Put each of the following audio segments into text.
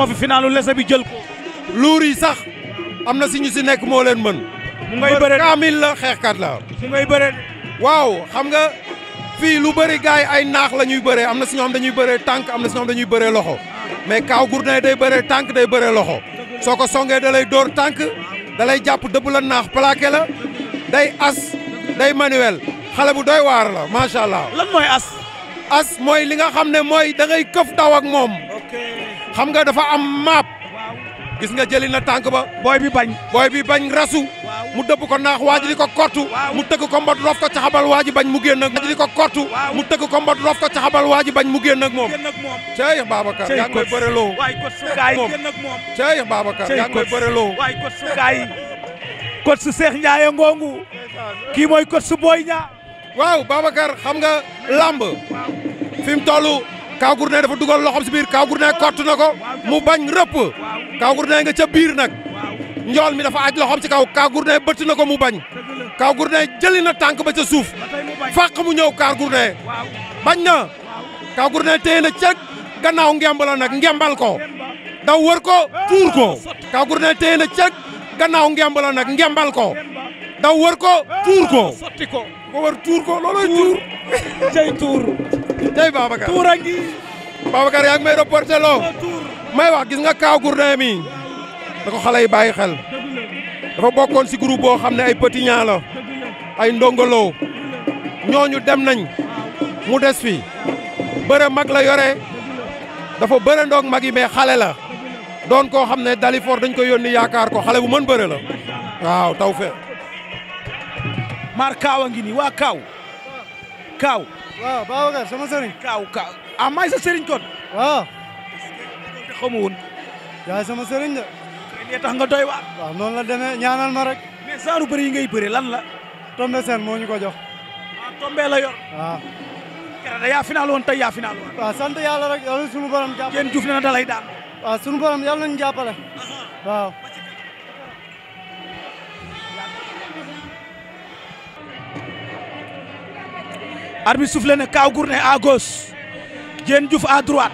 moo fi finaalu lese bi jël ko. luur yi sax am na si ñu si nekk moo leen mën. mu ngay bëre kaamil la xeexkat la. mu ngay bëre. waaw xam nga fii lu bëri gars yi ay naax la ñuy bëree am na si ñoo xam dañuy bëree tànk am na si ñoo xam dañuy bëree loxo mais Kaw Gourdin day bëree tànk day bëree loxo soo ko songee da lay dóor tànk dalay jàpp dëbb la naax plaqué la day as day manuel xale bu doy waar la macha allah. lan mooy as. as mooy li nga xam ne mooy da ngay këf daw ak moom. xam nga dafa am maap gis nga jëli na tànk ba booy bi bañ booy bi bañ rasu mu dëpp ko naax waa ji di ko kortu mu tëgg ko mbot rof ko ca waa waaj bañ mu génn ak waa ji di ko kortu mu tëgg ko mbot rof ko caxabal waa ji bañ mu génn ak moom Cheikh Babacar yaa ngi koy bëreloo moom Cheikh Babacar yaa ngi koy bëreloo kot su Cheikh Ndiaye ngongu kii mooy kot su Boy Niang waaw Babacar xam nga lamb fi mu Kaw Gourdin dafa dugal loxoom si biir Kaw Gourdin kott ko mu bañ rëpp Kaw Gourdin nga ca biir nag njool mi dafa aj loxoom ci kaw Kaw Gourdin bëtt na ko mu bañ Kaw Gourdin jëli na tànk ba ca suuf fàq mu ñëw Kaw Gourdin bañ na Kaw Gourdin téye na ca gannaaw ngemb la nag ngembal ko daw wër ko tuur ko Kaw Gourdin téye na ca gannaaw ngemb la nag ngembal ko daw wër ko tuur ko ko tuur tey Babacar tuura ngi. Babacar yaa ngi may reporté loo. may wax gis nga Kaaw Gourdin mi da xale yi bàyyi xel. dafa bokkoon si groupe boo xam ne ay petit ñaa la. ay ndongoloo. ñooñu dem nañ. mu des fi bëre mag la yore. dafa bëre ndoog mag yi mais xale la. doon koo xam ne Dalifor dañ ko yónni yaakaar ko xale bu mën bëre la. waaw taw fe Kaaw. waaw Babacar sama sëriñ. kaaw kaaw ah maay sa sëriñ kon. waaw. xamu woon. sama sëriñ de. li tax nga doy waar. waaw noonu la demee ñaanal ma rek. mais saaru bëri yi ngay bëri lan la. Tombé Sène moo ñu ko jox. Ah, la yor. waaw. Ah. keroog yaa final woon tey yaa final woon. sant yàlla rek yàlla sunu borom jàppale. kenn juuf na dalay daan. waaw sunu borom yàlla nañu jàppale. arbitre soufflé na Kaw Gourné à gauche Diène Diouf à droite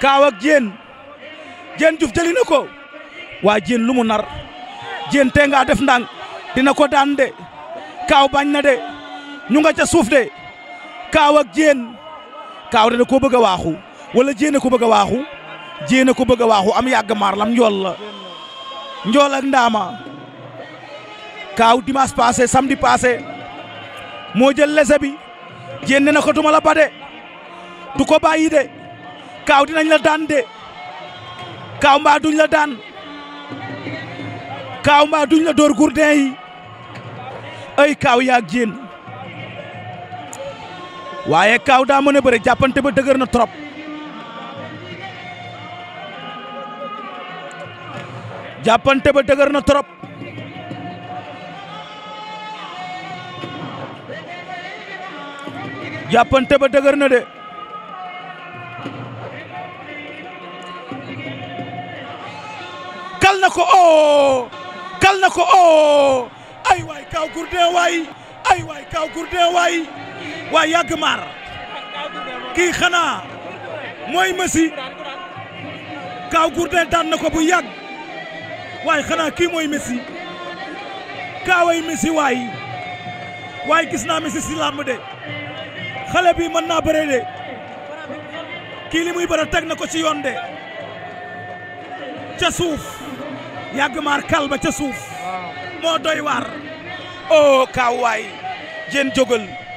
Kaaw ak Diène Diène Diouf jëli na ko waa Diène lu mu nar Diène te nga def ndànk dina ko daan de Kaaw bañ na de. ñu nga ca suuf de kaaw ak jéen kaaw dana koo bëgg a waaxu wala jéen a ko bëgg a waaxu jéen a ko bëgg a waaxu am yàgg maar lam njool la njool ak ndaama kaaw dimanche passé samedi passé moo jël lese bi jéen ne na ko duma la ba de du ko bàyyi de kaaw dinañ la daan de kaaw mbaa duñ la daan kaaw mbaa duñ la dóor gourdin yi ay kaaw yaag jéen waaye kaw daa mën a bëre jàppante ba dëgër na trop jàppante ba dëgër na trop jàppante ba dëgër na de kal na ko oo oh! kal na ko oo oh! ay waay kaaw gourdin waay ay waay kaaw gourdin waay waa yàgg maar kii xanaa mooy Messi Kaw Gourdin daan na ko bu yàgg waaye xanaa kii mooy Messi kaaway Messi waay waaye gis naa Messi si de xale bi mën naa bëre de kii li muy bëre teg na ko ci yoon de ca suuf yàgg maar ca suuf moo doy waar. oh Kaaw waay jéen jógal.